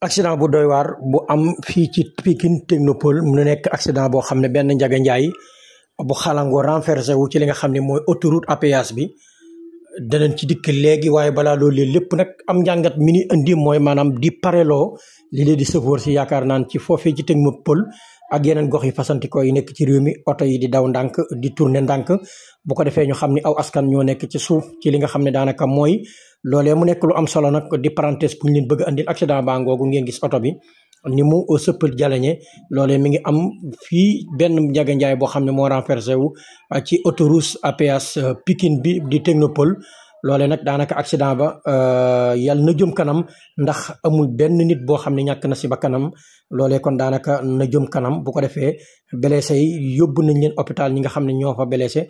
accident bu doywaar bu am fii ci Pikine Technopole mu nekk accident boo xam ne benn Ndiaga Ndiaye bu xalango renversé wu ci li nga xam ne mooy autoroute à péage bi danañ ci dikk léegi waaye balaa loolu lépp nag am njàngat mi ni indi mooy maanaam di pareloo li leen di sëfoor si yaakaar naan ci foofee ci Technopole ak yeneen gox yi fasantikoo yi nekk ci réew mi oto yi di daw ndànk di tourner ndànk bu ko defee ñu xam ne aw askan ñoo nekk ci suuf ci li nga xam ne daanaka mooy loole mu nekk lu am solo nag di parenthèse bu ñu leen bëgg a andil accident baa ngoogu ngeen gis oto bi ni mu euh, sëppal jaleñe loolee mi ngi am fii benn njaganjaay boo xam ne moo renversé wu euh, ci autoroute à péage euh, Pikine bi di Technopole loole nag daanaka accident ba euh, yàlla na jëm kanam ndax amul benn nit boo xam ne ñàkk na si ba kanam loole kon daanaka na jëm kanam bu ko defee blessé yi yóbbu nañ leen hôpital ñi nga xam ne ñoo fa blessé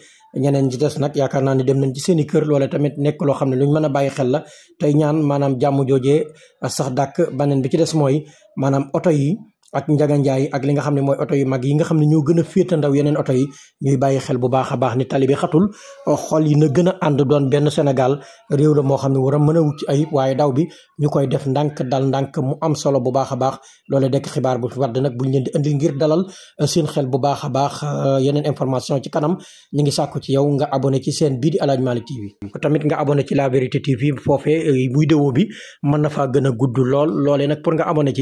ñeneen ci des nag yaakaar naa ne dem nañ ci seen i kër loole tamit nekk loo xam ne luñ mën a bàyyi xel la tey ñaan maanaam jàmm joojee sax dàkk baneen bi ci des mooy maanaam oto yi ak njaganjaay ak li nga xam ne mooy oto mag yi nga xam ne ñoo gën a ndaw yeneen oto ñuy bàyyi xel bu baax a baax ni tali bi xatul xol yi na gën a doon benn Sénégal réew la moo xam ne war a a wucc ayib waaye daw bi ñu koy def ndànk dal ndànk mu am solo bu baax a baax loolee dekk xibaar bu wadd nag buñ leen di indil ngir dalal uh, seen xel bu baax a baax uh, yeneen information ci kanam ñu ngi sàkku ci yow nga abonné ci seen bii di Aladji Malick TV tamit nga abonné ci La Vérité TV foofee uh, vidéo na a gudd lool loolee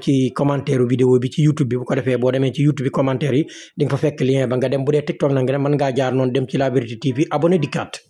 ci commentaire vidéo bi ci youtube bi bu ko defee boo demee ci youtube commentaire yi fa fekk lien ba dem bu dee tiktok na nga dem mën ngaa jaar noonu dem ci la tv abonné dikkaat